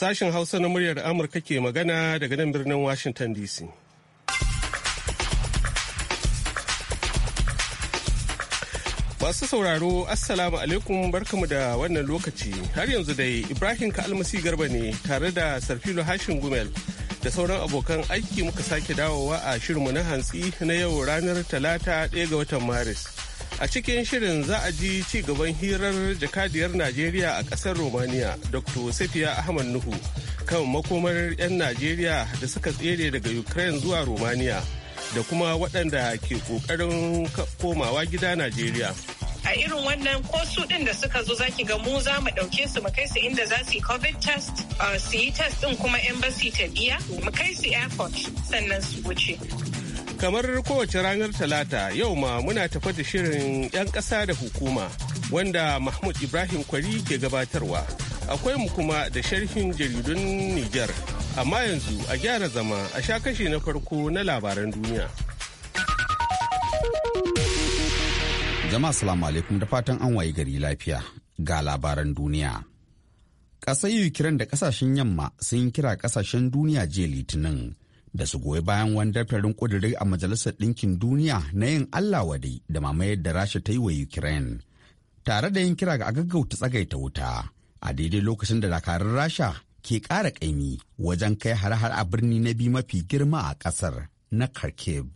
Sashen Hausa na muryar Amurka ke magana daga nan birnin Washington DC. Masu sauraro, Assalamu alaikum barkamu da wannan lokaci. Har yanzu dai Ibrahim Ka'almasi Garba ne tare da Sarfilo Hashin Gumel da sauran abokan aiki muka sake dawowa a shirinmu na hantsi na yau ranar Talata 1 ga watan Maris. A cikin shirin za a ji ci gaban hirar jakadiyar Najeriya a ƙasar Romania, Dr. Safiya Ahmad Nuhu, kan makomar 'yan Najeriya da suka tsere daga Ukraine zuwa Romania da kuma waɗanda ke ƙoƙarin komawa gida Najeriya. a irin wannan ko su ɗin da suka zo zaki ga mu za mu ɗauke su mu kai su inda za su yi covid test uh, su yi test ɗin kuma embassy ta biya mu kai su airport sannan su wuce Kamar kowace ranar Talata yau ma muna tafa da shirin 'yan ƙasa da hukuma wanda Mahmud Ibrahim Kwari ke gabatarwa. Akwai mu kuma da sharhin jaridun Nijar. Amma yanzu a gyara zama a sha kashe na farko na labaran duniya. Jama'a salamu alaikum da fatan an wayi gari lafiya ga labaran duniya. Ƙasar Ukraine da ƙasashen yamma sun kira ƙasashen duniya jiya litinin da su goyi bayan wani daftarin ƙudiri a majalisar ɗinkin duniya na yin Allah wadai da mamayar da Rasha ta yi wa Ukraine. Tare da yin kira ga a gaggauta tsagaita wuta a daidai lokacin da dakarun Rasha ke ƙara ƙaimi wajen kai har-har a birni na biyu mafi girma a ƙasar na Kharkiv.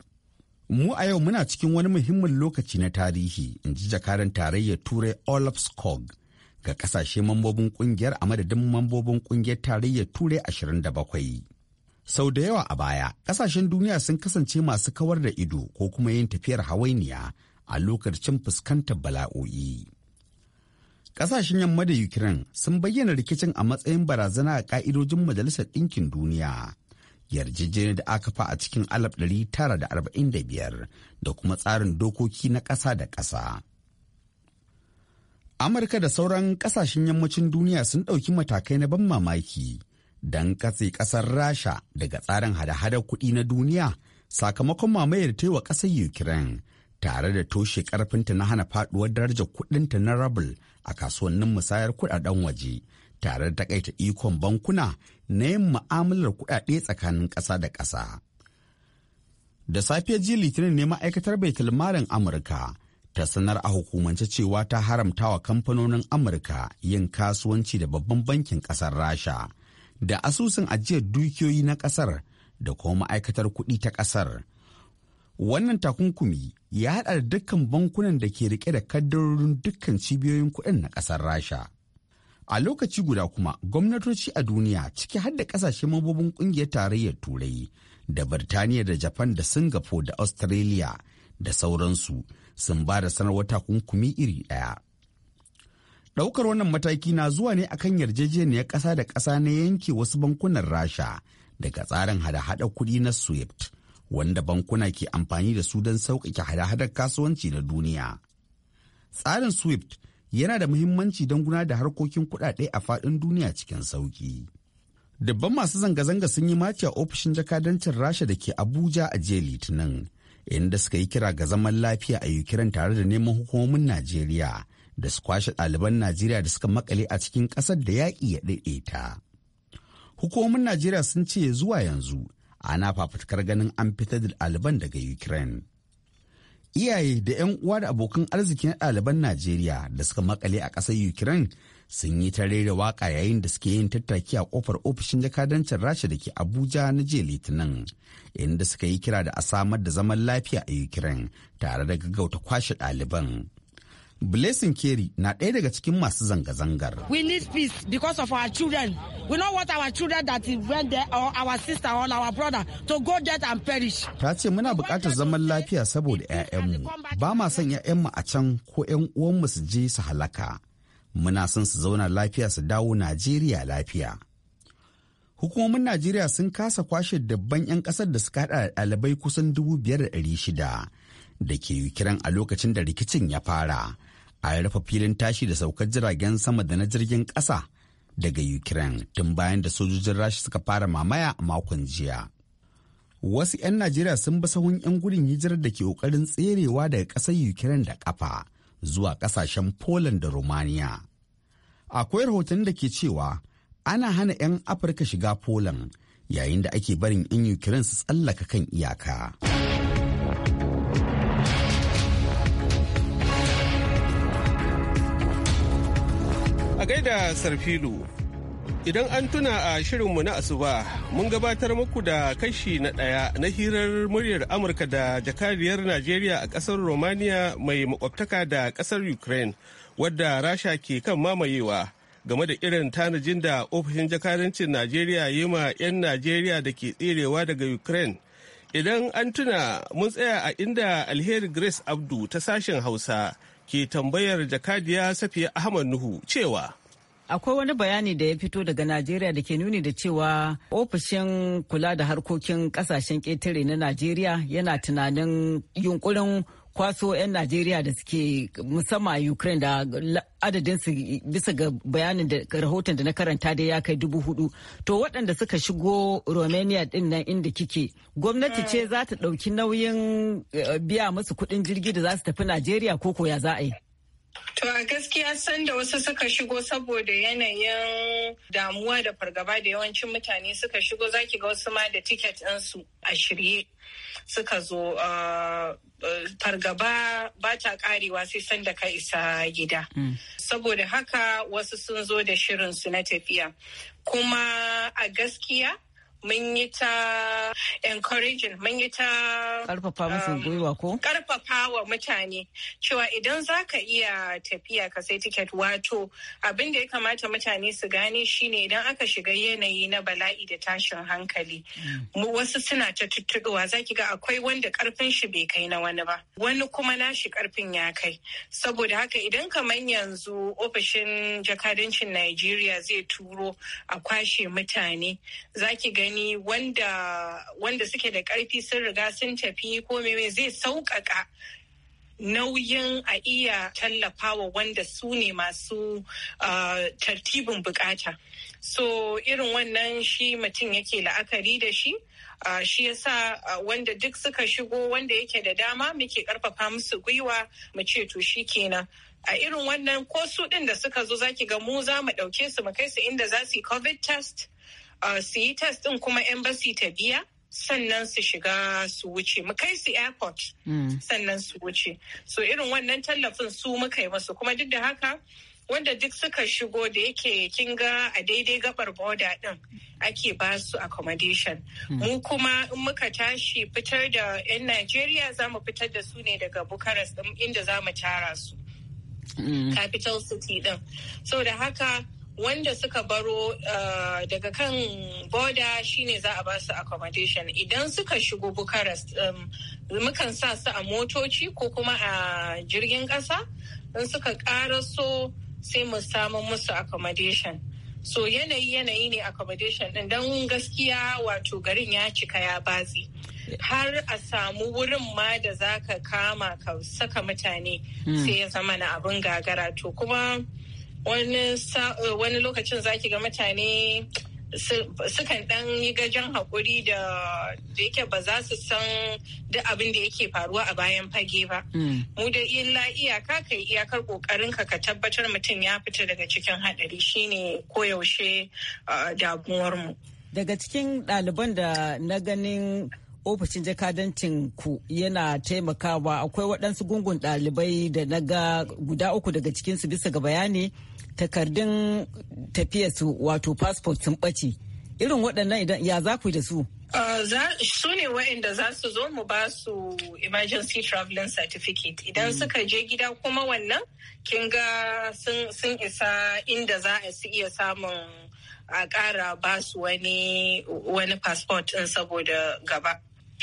Mu a yau muna cikin wani muhimmin lokaci na tarihi, in ji jakaran tarayyar Turai Olaf Skog ga kasashe mambobin kungiyar a madadin mambobin kungiyar tarayyar Turai 27. Sau da yawa a baya, ƙasashen duniya sun kasance masu kawar da ido ko kuma yin tafiyar hawainiya a lokacin fuskantar bala'o'i. Ƙasashen yamma da Ukraine sun bayyana rikicin a matsayin barazana a ka'idojin Majalisar Ɗinkin Duniya. yarjejeniyar da aka fa a cikin 1945 da kuma tsarin dokoki na ƙasa da ƙasa. Amurka da sauran ƙasashen yammacin duniya sun ɗauki matakai na ban mamaki don katse ƙasar rasha daga tsarin hada-hada kuɗi na duniya sakamakon mamayar ta yi wa ƙasar ukraine tare da toshe ƙarfinta na hana faɗuwar darajar kuɗinta na rabul a kasuwannin musayar kuɗaɗen waje tare da takaita ikon bankuna na yin ma'amalar kuɗaɗe tsakanin ƙasa da ƙasa. Da safiyar jiya Litinin ne ma'aikatar Baitul Malin Amurka ta sanar a hukumance cewa ta haramta wa kamfanonin Amurka yin kasuwanci da babban bankin ƙasar Rasha da asusun ajiyar dukiyoyi na ƙasar da kuma ma'aikatar kuɗi ta ƙasar. Wannan takunkumi ya haɗa da dukkan bankunan da ke riƙe da kaddarorin dukkan cibiyoyin kuɗin na ƙasar Rasha. A lokaci guda kuma gwamnatoci a duniya ciki har da ƙasashe mabobin ƙungiyar tarayyar Turai da Birtaniya da Japan da Singapore da Australia da sauransu sun ba da sanarwar takunkumi iri ɗaya. Ɗaukar wannan mataki na zuwa ne akan yarjejeniyar ƙasa da ƙasa na yanke wasu bankunan Rasha daga tsarin hada-hada kuɗi na SWIFT, wanda bankuna ke amfani da su don sauƙaƙe hada-hadar kasuwanci na duniya. Tsarin SWIFT yana da muhimmanci don gudanar da harkokin kuɗaɗe a faɗin duniya cikin sauƙi. Dabban masu zanga-zanga sun yi maci a ofishin jakadancin Rasha da ke Abuja a jiya Litinin, inda suka yi kira ga zaman lafiya a Ukraine tare da neman hukumomin Najeriya. da su kwashe ɗaliban Najeriya da suka makale a cikin ƙasar da yaƙi ya ɗaiɗe ta. Hukumomin Najeriya sun ce zuwa yanzu ana fafutukar ganin an fitar da ɗaliban daga Ukraine. Iyaye da 'yan uwa da abokan arziki na ɗaliban Najeriya da suka makale a ƙasar Ukraine sun yi tare da waƙa yayin da suke yin tattaki a ƙofar ofishin jakadancin Rasha da ke Abuja na jiya Litinin, inda suka yi kira da a samar da zaman lafiya a Ukraine tare da gaggauta kwashe ɗaliban. Blessing Kerry na ɗaya daga cikin masu zanga-zangar. We need peace because of our children. We know what our children that went there or our sister or our brother to go and perish. Ta ce muna buƙatar zaman lafiya saboda 'ya'yanmu. Ba ma son 'ya'yanmu a can ko 'yan uwanmu su je su halaka. Muna son su zauna lafiya su dawo Najeriya lafiya. Hukumomin Najeriya sun kasa kwashe dabban 'yan ƙasar da suka haɗa ɗalibai kusan dubu biyar da ɗari shida. da ke kiran a lokacin da rikicin ya fara a rufe filin tashi da saukar jiragen sama da na jirgin ƙasa daga ukraine tun bayan da sojojin rashi suka fara mamaya a makon jiya wasu 'yan najeriya sun bi sahun 'yan gudun hijirar da ke ƙoƙarin tserewa daga ƙasar ukraine da ƙafa zuwa ƙasashen poland da romania akwai rahoton da ke cewa ana hana 'yan afirka shiga poland yayin da ake barin 'yan ukraine su tsallaka kan iyaka. A gaida Sarfilu, idan an tuna a shirinmu na asuba mun gabatar muku da kashi na ɗaya na hirar muryar Amurka da jakariyar Najeriya a ƙasar Romania mai makwabtaka da ƙasar Ukraine wadda Rasha ke kan mamayewa. game da irin tanajin da ofishin jakadancin najeriya yi ma 'yan najeriya da ke tserewa daga ukraine idan an tuna mun tsaya a inda alheri grace abdu ta sashen hausa ke tambayar jakadiya safiya ahmad nuhu cewa akwai wani bayani da ya fito daga najeriya da ke nuni da cewa ofishin kula da harkokin kasashen ƙetare na najeriya yana tunanin yunkurin kwaso 'yan Najeriya da suke musamman a Ukraine da adadinsu bisa ga bayanin da rahoton da na karanta dai ya kai dubu hudu. To waɗanda suka shigo Romania din nan inda kike, gwamnati ce za ta ɗauki nauyin eh, biya musu kuɗin jirgi da za su tafi Najeriya ko ko ya za a yi? To a gaskiya sanda wasu suka shigo saboda yanayin damuwa da fargaba da yawancin mutane suka shigo zaki ga wasu ma da tiket ɗinsu a shirye suka zo ah, fargaba ba ta karewa sai sanda ka isa gida. Mm. Saboda haka wasu sun zo da shirinsu na tafiya. Kuma a gaskiya mun yi ta encouraging mun yi ta karfafa musu um, gwiwa ko karfafa wa mutane cewa idan za ka iya tafiya ka sai tiket wato abin da ya kamata mutane su gane shine idan aka shiga yanayi na bala'i da tashin hankali mm. wasu suna ta tuttuɗuwa za ki ga akwai wanda karfin shi bai kai na wani ba wani kuma nashi karfin ya kai saboda haka idan kamar yanzu ofishin jakadancin Najeriya zai turo a kwashe mutane za ki gani magani wanda wanda suke da karfi sun riga sun tafi ko mai zai sauƙaƙa nauyin a iya tallafawa wanda su ne masu uh, tartibin bukata so irin wannan shi mutum yake la'akari da shi Uh, shi yasa uh, wanda duk suka shigo wanda yake da dama muke karfafa musu gwiwa mu ce to shi kenan a uh, irin wannan ko su din da suka zo zaki ga mu za mu dauke su mu kai su inda za su yi covid test su yi test din kuma embassy ta biya sannan su shiga su wuce mu kai su airport mm. sannan su wuce so irin wannan tallafin su muka yi masu kuma duk da haka wanda duk suka shigo da yake kin ga a daidai gabar border din ake ba su accommodation mm. mu kuma in muka tashi fitar da 'yan najeriya za mu fitar da su ne daga bucharest inda za mu tara su mm. capital city ɗin. so da haka wanda suka baro eh, daga kan boda shine za a ba su accommodation idan suka shigo bucharest um, mukan sa su a motoci ko kuma a jirgin kasa in suka so sai mu samu musu accommodation so yanayi yanayi ne accommodation din don gaskiya wato garin ya cika ya batsi har a samu wurin ma da za ka kama ka saka mutane hmm. sai ya zama na abin gagara to kuma wani lokacin zaki ga mutane sukan dan yi gajen haƙuri da yake ba za su san duk abin da yake faruwa a bayan fage ba. Hmm. Mu da illa iyaka kai iyakar ƙoƙarin ka ka tabbatar mutum ya fita daga cikin haɗari shine koyaushe damuwarmu. Daga cikin ɗaliban da na ganin ofishin jakadancin ku yana taimakawa akwai waɗansu gungun ɗalibai da na ga guda uku daga cikinsu bisa ga bayani. takardun tafiyarsu wato passport sun ɓace irin waɗannan idan ya za ku da su uh, su ne waɗanda za su zo mu ba su emergency traveling certificate idan mm. suka je gida kuma wannan kin ga sun isa inda za a su iya samun a ƙara ba su wani passport ɗin saboda gaba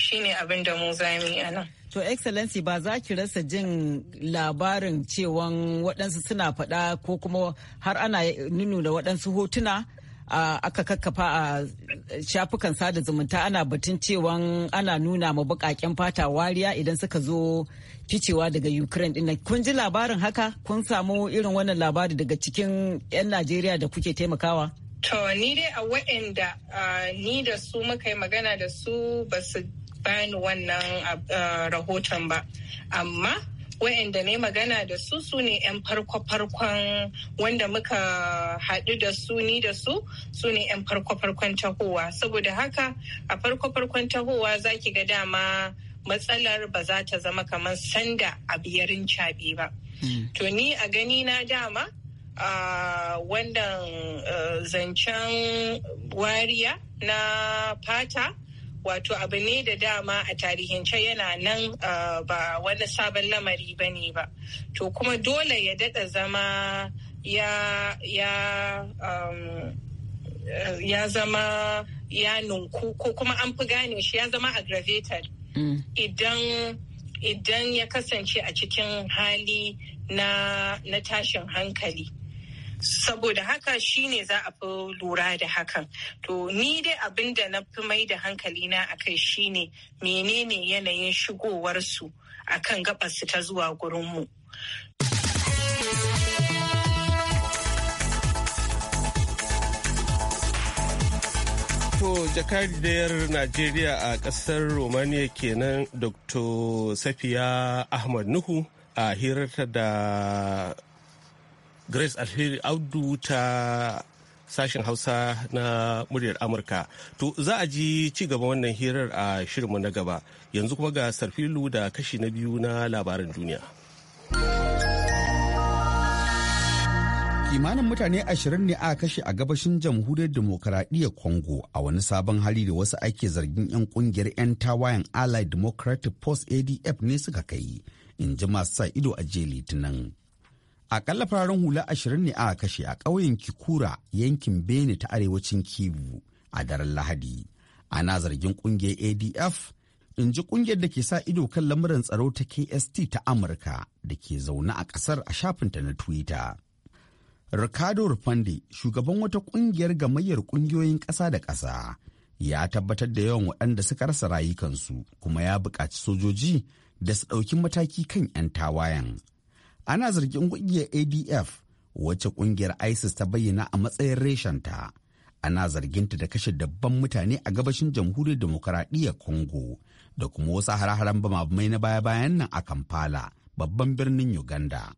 shine abin da mu za a nan. To excellency ba za ki rasa jin labarin cewan waɗansu suna faɗa ko kuma har ana nunu da waɗansu hotuna aka kakkafa a shafukan sada zumunta ana batun cewan ana nuna ma bukaken fata wariya idan suka zo ficewa daga ukraine din kun ji labarin haka kun samu irin wannan labari daga cikin 'yan najeriya da kuke taimakawa To ni dai a waɗanda ni da su muka yi magana da su ba su bani wannan eh, rahoton ba amma wa'anda ne magana da su su ne 'yan farko-farkon wanda muka haɗu da su ni da su su ne 'yan farko-farkon tahowa saboda haka a farko-farkon tahowa za ki ga dama matsalar ba za ta zama kamar sanda a biyarin caɓe ba hmm. to ni a gani na dama wannan eh, zancen wariya na fata wato abu ne da dama a tarihince yana nan uh, ba wani sabon lamari ba ne ba to kuma dole ya daɗa zama ya ya um, ya zama ya nunku ko kuma an fi gane shi ya zama aggravated mm. idan idan ya kasance a cikin hali na tashin hankali saboda haka shi ne za a fi lura da hakan to ni dai abin da na fi mai da hankali na akai shine menene yanayin shigowarsu akan gabarsu ta zuwa gurinmu To jakadiyar Najeriya a ƙasar Romania kenan Dr. Safiya Ahmad Nuhu a hirarta da Grace Alheri audu ta sashen Hausa na muryar Amurka. To za a ji ci gaba wannan hirar a shirinmu na gaba. Yanzu kuma ga Sarfilu da kashi na biyu na labaran duniya. Kimanin mutane ashirin ne a kashe a gabashin jamhuriyar demokaradiyyar Congo a wani sabon hali da wasu ake zargin 'yan kungiyar 'yan tawayen Allied Democratic post ADF ne suka kai, in ji masu sa ido a jiya Litinin. Akalla fararen hula ashirin ne aka kashe a ƙauyen Kikura yankin Bene ta arewacin Kivu a daren Lahadi. Ana zargin ƙungiyar ADF in ji ƙungiyar da ke sa ido kan lamuran tsaro ta KST ta Amurka da ke zaune a ƙasar a shafinta na Twitter. Ricardo Rufande, shugaban wata ƙungiyar gamayyar ƙungiyoyin ƙasa da ƙasa, ya tabbatar da yawan waɗanda suka rasa rayukansu kuma ya buƙaci sojoji da su ɗauki mataki kan 'yan tawayen ana zargin kungiyar adf wacce kungiyar isis ta bayyana a matsayin reshenta ana zarginta da kashe dabban mutane a gabashin jamhuriyar demokaradiyyar congo da kuma wasu hare-haren bamabamai na baya-bayan nan a kampala babban birnin uganda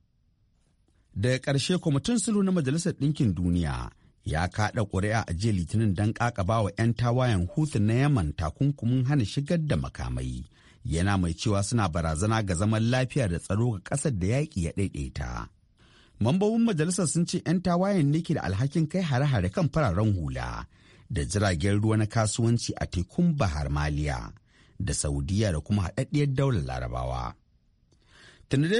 daga ƙarshe kwamitin sulhu na majalisar ɗinkin duniya ya kaɗa ƙuri'a a jiya litinin don ƙaƙabawa 'yan tawayen hutu na yaman takunkumin hana shigar da makamai yana mai cewa suna barazana ga zaman lafiya da tsaro ga ƙasar da yaƙi ya ɗaiɗaita. Mambobin majalisar sun ce 'yan tawayen ne ke da alhakin kai hare-hare kan fararen hula da jiragen ruwa na kasuwanci a tekun Bahar Maliya da Saudiya da kuma haɗaɗɗiyar daular Larabawa.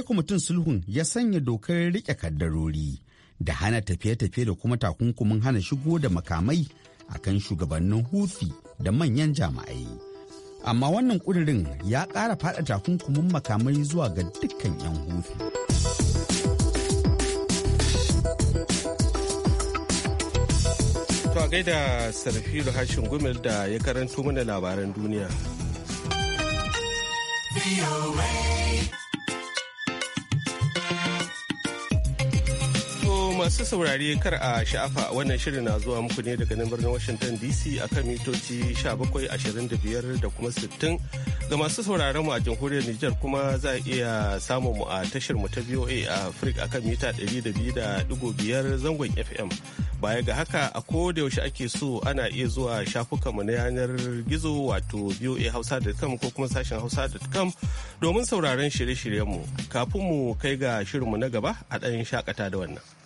ku mutum sulhun ya sanya dokar riƙe kaddarori da hana tafiye-tafiye da kuma takunkumin hana shigo da makamai akan shugabannin hufi da manyan jama'ai. amma wannan ƙudurin ya ƙara faɗa takunkumin makamai zuwa ga dukkan 'yan hutu. To a gaida sarfiru hashin gumel da ya karanto mana labaran duniya. masu saurari kar a sha'afa wannan shirin na zuwa muku ne daga nan birnin Washington DC a kan mitoci 1725 da kuma 60 ga masu sauraron mu a jamhuriyar Nijar kuma za a iya samun mu a tashar mu ta VOA a Africa a kan mita 200.5 zangon FM. Baya ga haka a ko da yaushe ake so ana iya zuwa shafukanmu na yanar gizo wato voahausa.com ko kuma sashen hausa.com domin sauraron shirye-shiryenmu kafin mu kai ga shirinmu na gaba a ɗan shakata da wannan.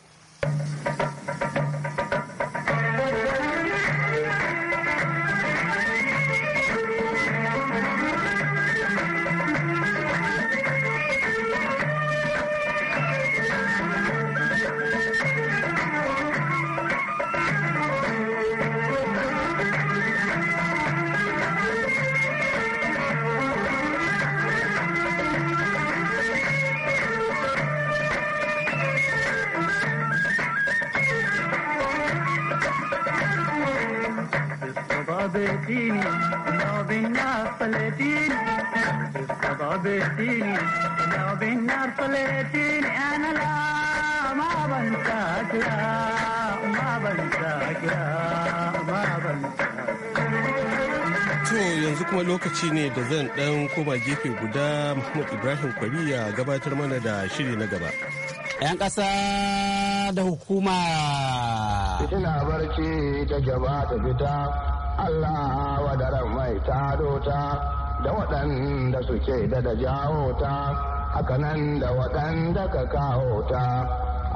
yanzu kuma lokaci ne da zan dan koma gefe guda Muhammad Ibrahim Kwari ya gabatar mana da shiri na gaba. 'Yan ƙasa da hukuma. ina barci ta gaba ta fita, Allah wadaran mai ta ta da waɗanda suke da da jawo ta, hakanan da waɗanda ka kawo ta,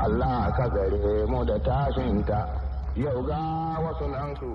Allah ka gare mu da tashinta.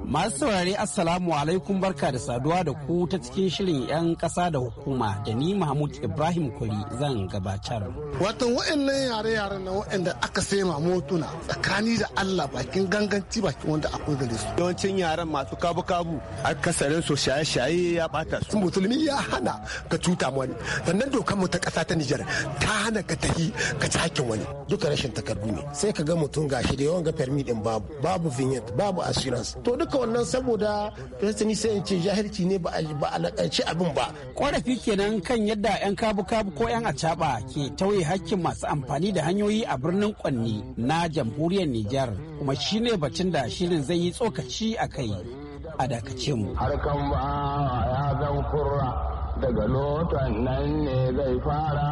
Masu saurari Assalamu alaikum barka da saduwa da ku ta cikin shirin 'yan kasa da hukuma da ni Mahmud Ibrahim Kuri zan gabatar. Watan wa'annan yare-yaren na wa'anda aka sai motuna tsakani da Allah bakin ganganci bakin wanda akwai gare su. Yawancin yaren masu kabu-kabu akasarin su shaye-shaye ya bata su. Musulmi ya hana ka cuta wani sannan dokar mu ta kasa ta Nijar ta hana ka tahi ka ci wani. Duka rashin takardu ne sai ka ga mutum gashi da yawan ga fermi din babu babu babu vignette babu assurance to duka wannan saboda destiny sai in ce jahilci ne ba a lakanci abin ba korafi kenan kan yadda yan kabu kabu ko yan acaba ke tauye hakkin masu amfani da hanyoyi a birnin kwanni na jamhuriyar niger kuma shine batun da shirin zai yi tsokaci a kai a dakace mu harkan ba ya zan kurra daga lotan nan ne zai fara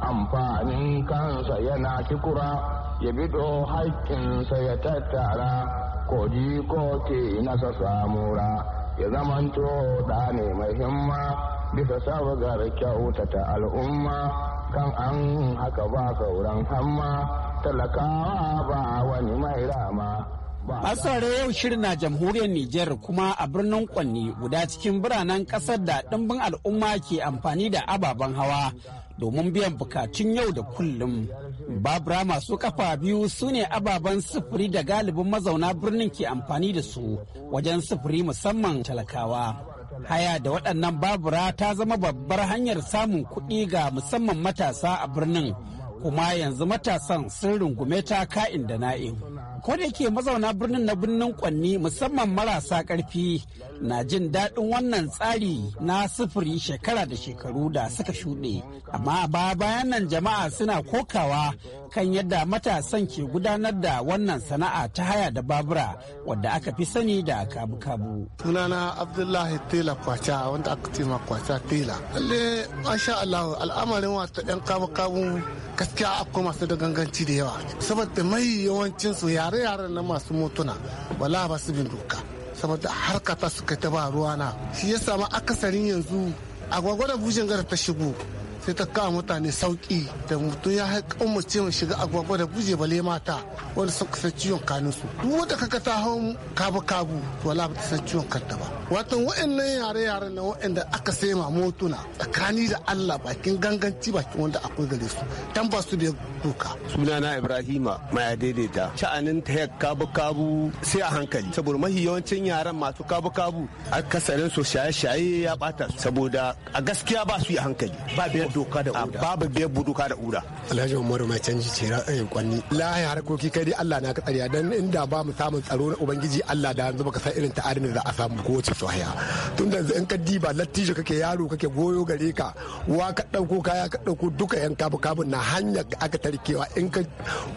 amfanin kansa yana kikura ya bido haƙƙinsa ya tattara ko ji ko ke nasa samura ya zamanto da ne mai himma bisa sabgar kyautata al'umma kan an haka ba sauran hamma talakawa ba wani mai rama Masarare yau shirin na jamhuriyar Nijar kuma a birnin Kwanni guda cikin biranen kasar da ɗimbin al'umma ke amfani da ababen hawa domin biyan bukatun yau da kullum. Babura masu kafa biyu su ne ababen sufuri da galibin mazauna birnin ke amfani da su wajen sufuri musamman talakawa. Haya da waɗannan babura ta zama babbar hanyar samun kuɗi ga musamman matasa a birnin, kuma yanzu matasan sun rungume ta ka'in da na'in. ko da yake mazauna birnin na birnin kwanni musamman marasa karfi na jin daɗin wannan tsari na sufuri shekara da shekaru da suka shuɗe amma ba bayan nan jama'a suna kokawa kan yadda matasan ke gudanar da wannan sana'a ta haya da babura wadda aka fi sani da kabu-kabu. Sunana Abdullahi Tela Kwacha wanda aka ce ma Kwacha Tela. alle masha Allah al'amarin wata yan kabu-kabu gaskiya akwai masu da ganganci da yawa. Saboda mai su yare-yaren na masu motuna wala ba su bin doka. Saboda ta suka ta ba na. Shi ya samu akasarin yanzu a da bujin gara ta shigo. sai ta kawo mutane sauki da mutum ya haƙa mace mai shiga agwagwa da guje bale mata wanda sun kusa ciwon kanin su duk wata kaga ta hau kabu kabu wala ba ta san ciwon kanta ba wato wa'annan yare-yaren na wa'anda aka sema motuna tsakani da Allah bakin ganganci bakin wanda akwai gare su tan ba su da doka sunana Ibrahima mai daidaita sha'anin ta kabu kabu sai a hankali saboda mahi yawancin yaran masu kabu kabu akasarin su shaye-shaye ya bata saboda a gaskiya ba su yi hankali ba biyar doka da uda babu biyar bu doka da uda alhaji umar mai canji ce ra'ayin kwanni lahi harkoki kai dai Allah na ka tsariya dan inda ba mu samun tsaro na ubangiji Allah da yanzu baka san irin ta'arin da za a samu ko wace soyayya tun da in ka diba lattijo kake yaro kake goyo gare ka wa ka dauko kaya ka dauko duka yan kabu kabu na hanya aka tarkewa in ka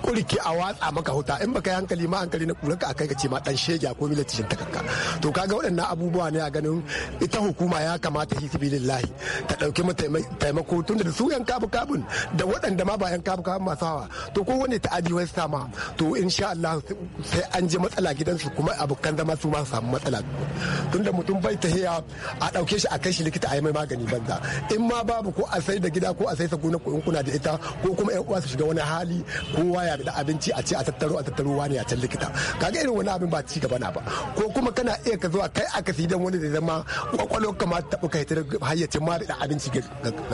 kurki a watsa maka huta in baka yi hankali ma hankali na kuranka akai ka ce ma dan shege ko milatishin takakka to kaga waɗannan abubuwa ne a ganin ita hukuma ya kamata hisibilillahi ta dauki taimako tunda da su yan kabu kabun da waɗanda ma ba yan kabu kabun masu hawa to ko wani ta'adi wai sama to insha Allah sai an je matsala gidansu kuma abokan zama su ma samu matsala tunda mutum bai ta hiya a ɗauke shi a kai shi likita a yi mai magani banza in ma babu ko a sai da gida ko a sai sa gona ko in kuna da ita ko kuma yan uwa su shiga wani hali kowa ya da abinci a ce a tattaro a tattaro wani a can likita kaga irin wani abin ba ci gaba na ba ko kuma kana iya ka zo a kai aka don wani da zama kwakwalo kamata taɓa kai ta hayyacin ma da abinci ga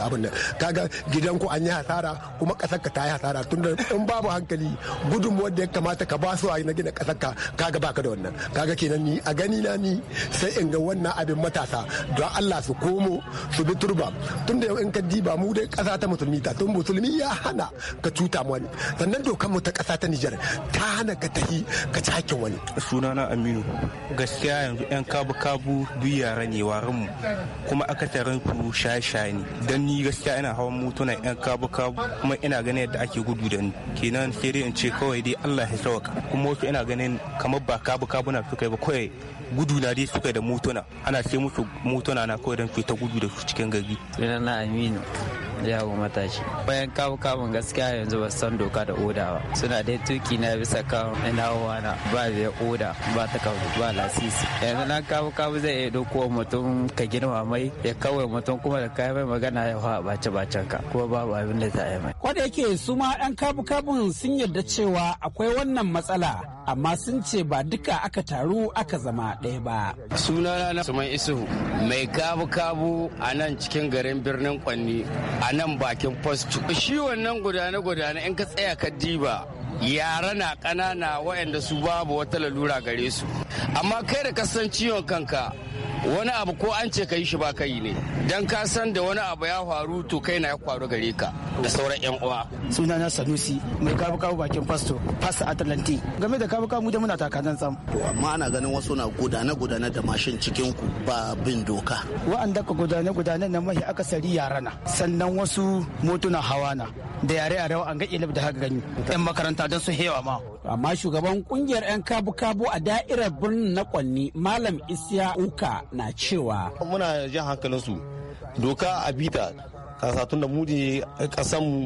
abin nan kaga gidan ku an yi hasara kuma kasar ta yi hasara tun da in babu hankali gudun wanda ya kamata ka ba su a na gina kasar ka kaga baka da wannan kaga kenan ni a gani na ni sai in ga wannan abin matasa don Allah su komo su bi turba tun da in ka diba mu dai kasa ta musulmi ta tun musulmi ya hana ka cuta wani sannan dokar mu ta kasa ta Nijar ta hana ka tahi ka ci hakkin wani sunana Aminu gaskiya yanzu yan kabu kabu duk ne warin mu kuma aka tarin ku shaye dan ni gaskiya da ina hawan mutuna yan kabu kuma ina ganin yadda ake gudu da ni kenan sai dai in ce kawai dai Allah ya sauka kuma wasu ina ganin kamar ba kabu kabu na suka ba kawai gudu na dai suka da mutuna ana ce musu mutuna na kawai don fita gudu da su cikin gari. na Aminu. yawo matashi bayan kawo kamun gaskiya yanzu ba san doka da oda ba suna dai tuki na bisa kan ina wana ba biya oda ba ta kawo ba lasisi yanzu na kawo kawo zai iya dokuwa mutum ka girma mai ya kawai mutum kuma da kayan mai magana ya hawa bace bacen ka kuma babu abin da ta yi mai ko da yake su ma yan kabu kabun sun yarda cewa akwai wannan matsala amma sun ce ba duka aka taru aka zama ɗaya ba sunana na suman isu mai kabu kabu a nan cikin garin birnin kwanni a nan bakin post shi wannan gudane-gudane in ka tsaya ka diba yara na ƙanana waɗanda su babu wata lalura gare su amma kai da kasan ciwon kanka wani abu ko an ce ka yi shi ba kai ne dan ka san da wani abu ya faru to kai na ya faru gare ka da sauran yan uwa sunana sanusi mai kafa kafa bakin pasto fasa atlantic game da kafa mu da muna takanan tsam to amma ana ganin wasu na gudana gudana da mashin cikin ku ba bin doka wa'anda ka gudane gudana nan mahi akasari yara na sannan wasu motuna hawa na da yare yare an ga ilib da haka gani yan makaranta don su hewa ma amma shugaban kungiyar 'yan kabu-kabu a da'irar birnin na kwanni malam isya uka na cewa muna jan hankalinsu doka a bita kasa tun da mudi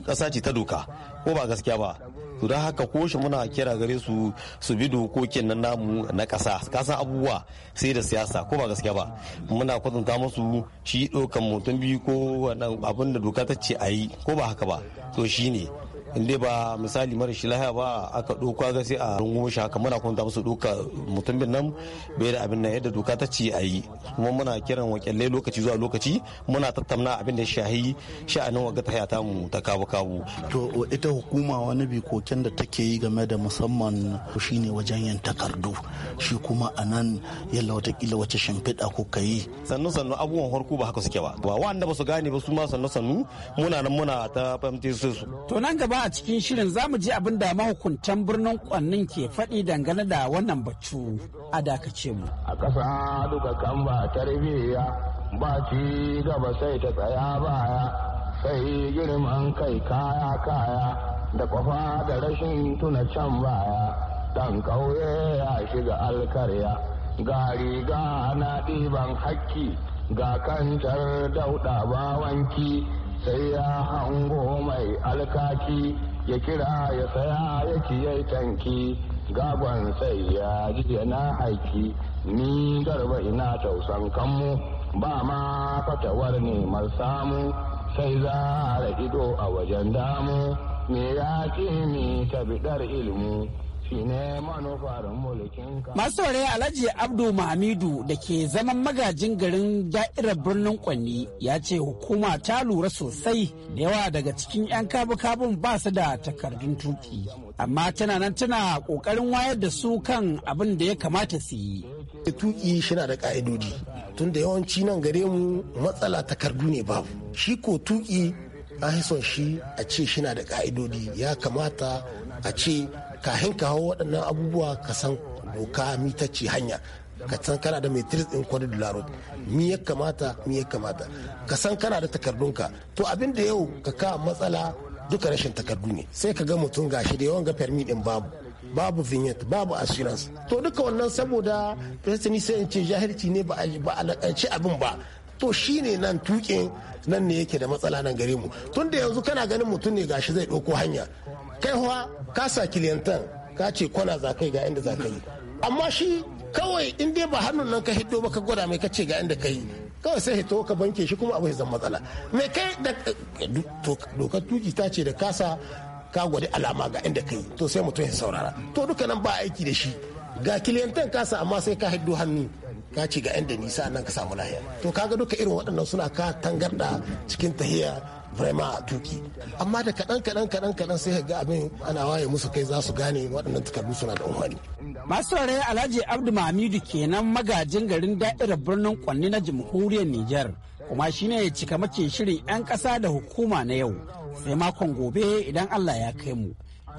kasa ce ta doka ko ba gaskiya ba to don haka ko shi muna kira gare su su bi dokokin na namu na kasa kasa abubuwa sai da siyasa ko ba gaskiya ba muna kwatanta musu shi dokan mutum biyu ko abin da doka ta ce a yi ko ba haka ba to shine in dai ba misali mara shi lahiya ba aka doka ga sai a rungumo shi haka muna kwanta musu doka mutumin nan bai da abin nan yadda doka ta ce a yi kuma muna kiran wakilai lokaci zuwa lokaci muna tattauna abin da shahi sha'anin waga ta hayata mu ta kabu kabu to ita hukuma wani bi koken da take yi game da musamman shine wajen yin takardu shi kuma nan yalla watakila wace shimfiɗa ko kayi sannu sannu abubuwan harku ba haka suke ba ba wanda ba su gane ba su ma sannu sannu muna nan muna ta fahimce su to nan gaba a cikin shirin za mu ji abin da mahukuntan birnin kwannin ke faɗi dangane da wannan batu a dakace mu. A ƙasa duka kan ba tarbiyya ba ci gaba sai ta tsaya baya sai girman kai kaya kaya da kwafa da rashin tuna can baya ɗan ƙauye ya shiga alkarya ga riga na ɗiban hakki ga kantar dauɗa ba wanki sai ya hango mai alkaki ya kira ya saya ya ciye tanki gagon sai ya ji na haiki ni garba ina tausan kanmu ba ma fatawar neman samu sai za a ido a wajen damu me ya ce ni ta bidar ilmu Masu saurare Alhaji Abdu Mahamidu da ke zaman magajin garin da'irar birnin Kwanni ya ce hukuma ta lura sosai da yawa daga cikin 'yan kabu-kabun ba su da takardun tuki. Amma tana nan tana kokarin wayar da su kan abin da ya kamata su yi. Tuki shi da ƙa'idodi tun da yawanci nan gare mu matsala takardu ne babu. Shi ko tuki an shi a ce shi da ƙa'idodi ya kamata a ce kahin ka hau waɗannan abubuwa ka san doka mitacci hanya ka san kana da matrix din kwadar dolaro mi ya kamata mi ya kamata ka san kana da takardunka to abin da yau ka ka matsala duka rashin takardu ne sai ka ga mutum gashi da yawan ga permit din babu babu vignette babu assurance to duka wannan saboda fesini sai in ce jahilci ne ba a alakanci abin ba to shine nan tukin nan ne yake da matsala nan gare mu tun da yanzu kana ganin mutum ne gashi zai ɗauko hanya kai hawa ka sa kiliyantan ka ce kwana za kai ga inda za ka yi amma shi kawai in dai ba hannun nan ka hiddo ba ka gwada mai ka ce ga inda ka yi kawai sai hito ka banke shi kuma abu zan matsala me kai da dokar tuki ta ce da kasa ka gwada alama ga inda ka yi to sai mutum ya saurara to duka nan ba aiki da shi ga kiliyantan kasa amma sai ka hiddo hannu ka ce ga 'yan da nisa nan ka samu lahiya to kaga duka irin waɗannan suna ka tangarda cikin tahiya vraiment a tuki amma da kaɗan kaɗan kaɗan kaɗan sai ga abin ana waye musu kai za su gane waɗannan takardu suna da umarni. masu saurare alhaji abdu mahamidu kenan magajin garin da'irar birnin kwanni na jamhuriyar niger kuma shine ya cika mace shirin 'yan kasa da hukuma na yau sai makon gobe idan allah ya kai mu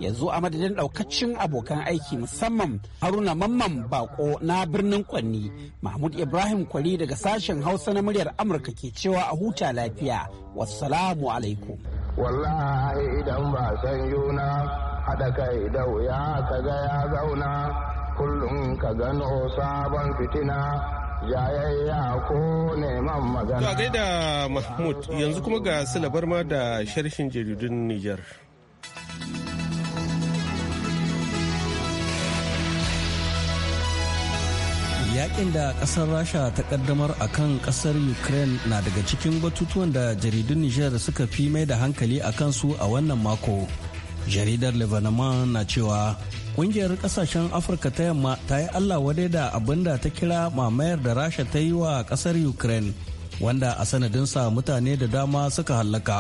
yanzu a madadin daukacin abokan aiki musamman haruna mamman bako na birnin kwanni mahmud ibrahim kwari daga sashen hausa na muryar amurka ke cewa a huta lafiya wassalamu alaikum wallahi idan ba san yuna haɗa kai da wuya ka ga ya zauna kullum ka gano sabon fitina yayayya ko neman magana. To gaida Mahmud yanzu kuma ga silabar ma da sharhin jaridun Nijar. yakin da kasar rasha ta kaddamar a kan kasar ukraine na daga cikin batutuwan da jaridun niger suka fi mai da hankali a kansu a wannan mako jaridar lebanon na cewa kungiyar kasashen afirka ta yamma ta yi allah wadai da abin da ta kira mamayar da rasha ta yi wa kasar ukraine wanda a sanadinsa mutane da dama suka hallaka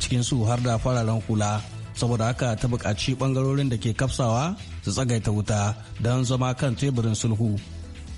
cikinsu har da fararen hula saboda haka ta buƙaci bangarorin da ke kafsawa su tsagaita wuta don zama kan teburin sulhu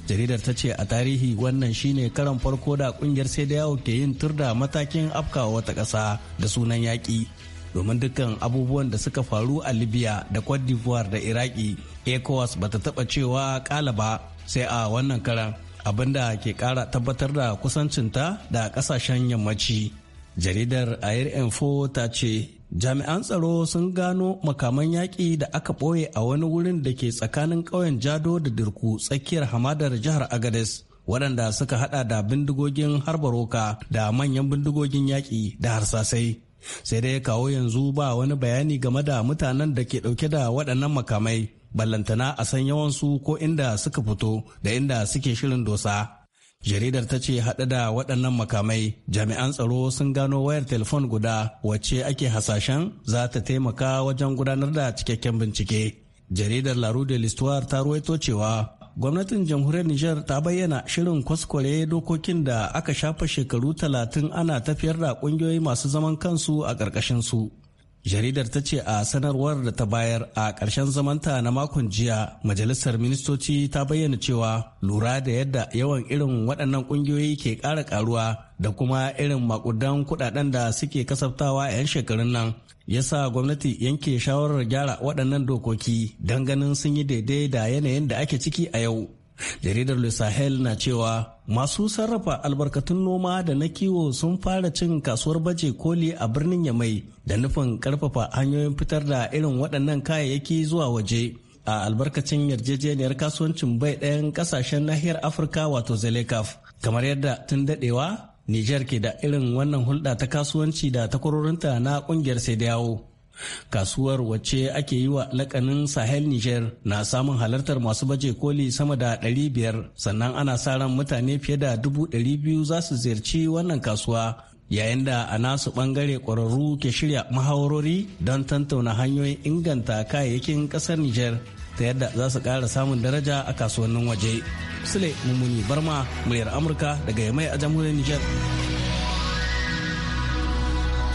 jaridar ta ce a tarihi wannan shine karan farko da kungiyar sai da ke yin da matakin afkawa wata ƙasa da sunan yaƙi domin dukkan abubuwan da suka faru a libya da cote d'ivoire da iraki ecowas ta taɓa cewa ƙala ba sai a wannan karan abinda ke kara tabbatar da kusancinta da kasashen yammaci jaridar air info ta ce jami'an tsaro sun gano makaman yaƙi da aka ɓoye a wani wurin da ke tsakanin ƙauyen jado da dirku tsakiyar hamadar jihar agades waɗanda suka hada da bindigogin harbaroka da manyan bindigogin yaƙi da harsasai sai dai kawo yanzu ba wani bayani game da mutanen da ke ɗauke da waɗannan makamai ballantana a san yawansu ko inda suka fito da inda suke shirin dosa jaridar ta ce haɗe da waɗannan makamai jami'an tsaro sun gano wayar telefon guda wacce ake hasashen za ta taimaka wajen gudanar da cikakken bincike jaridar laru de l'histoire ta ruwaito cewa gwamnatin jamhuriyar niger ta bayyana shirin kwaskware dokokin da aka shafa shekaru talatin ana tafiyar da ƙungiyoyi masu zaman kansu a ƙarƙashinsu jaridar ta ce a sanarwar da ta bayar a ƙarshen zamanta na makon jiya majalisar ministoci ta bayyana cewa lura da yadda yawan irin waɗannan ƙungiyoyi ke ƙara ƙaruwa da kuma irin makudan kuɗaɗen da suke kasaftawa a 'yan shekarun nan ya sa gwamnati yanke shawarar gyara waɗannan dokoki don ganin sun yi daidai da yanayin da ake ciki a yau jaridar le sahel na cewa masu sarrafa albarkatun noma da na kiwo sun fara cin kasuwar baje koli a birnin yamai da nufin karfafa hanyoyin fitar da irin waɗannan kayayyaki zuwa waje a albarkacin yarjejeniyar kasuwancin bai ɗayan ƙasashen nahiyar afirka wato zelekaf kamar yadda tun daɗewa Nijar ke da irin wannan hulɗa ta kasuwanci da takwarorinta na ƙungiyar sai da yawo kasuwar wacce ake yi wa lakanin sahel niger na samun halartar masu baje koli sama da 500 sannan ana sa ran mutane fiye da 200 za su ziyarci wannan kasuwa yayin da a nasu bangare kwararru ke shirya mahawarori don tantauna hanyoyin inganta kayayyakin kasar niger ta yadda za su ƙara samun daraja a kasuwannin waje sule mummuni barma muryar amurka daga yamai a jamhuriyar niger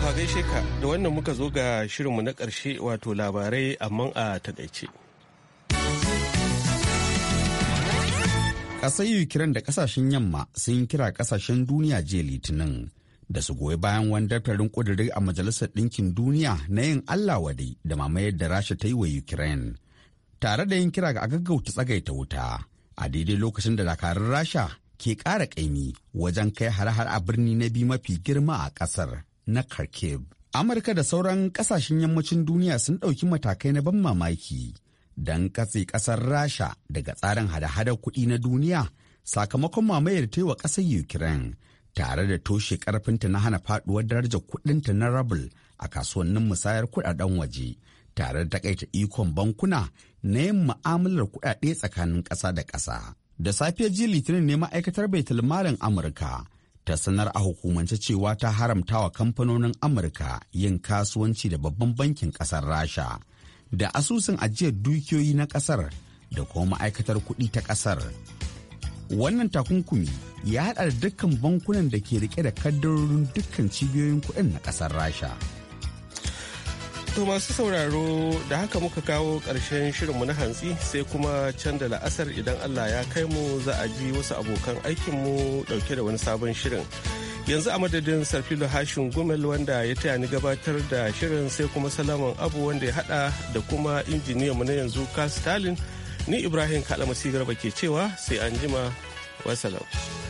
Ka gaishe ka da wannan muka zo ga shirinmu na ƙarshe wato labarai amma a takaice. Ƙasar Ukraine da ƙasashen yamma sun yi kira ƙasashen duniya jiya litinin da su goyi bayan wani daftarin kudirin a Majalisar Ɗinkin Duniya na yin Allah wadai da mamayar da Rasha ta yi wa Ukraine. Tare da yin kira ga gaggauta tsagaita wuta a daidai lokacin da dakarun Rasha ke ƙara ƙaimi wajen kai har-har a birni na biyu mafi girma a ƙasar na kharkiv amurka da sauran kasashen yammacin duniya sun ɗauki matakai na ban mamaki don katse ƙasar rasha daga tsarin hada hada kuɗi na duniya sakamakon mamayar ta yi wa ƙasar ukraine tare da toshe ƙarfinta na hana faɗuwar darajar kuɗinta na rabul a kasuwannin musayar kuɗaɗen waje tare da takaita ikon bankuna na yin ma'amalar kuɗaɗe tsakanin ƙasa da ƙasa. Da safiya jiya Litinin ne ma'aikatar Baitul Malin Amurka ta sanar a hukumance cewa ta haramta wa kamfanonin amurka yin kasuwanci da babban bankin kasar rasha da asusun ajiyar dukiyoyi na kasar da kuma ma'aikatar kuɗi ta kasar wannan takunkumi ya haɗa da dukkan bankunan da ke rike da kaddarorin dukkan cibiyoyin kuɗin na kasar rasha To masu sauraro da haka muka kawo ƙarshen shirinmu na hantsi sai kuma can da la'asar idan Allah ya kai mu za a ji wasu abokan aikinmu ɗauke da wani sabon shirin. Yanzu a madadin Sarfilo Hashin Gumel wanda ya taya ni gabatar da shirin sai kuma Salaman Abu wanda ya haɗa da kuma mu na yanzu Carl Stalin ni Ibrahim Kalamasi Garba ke cewa sai an jima wasalam.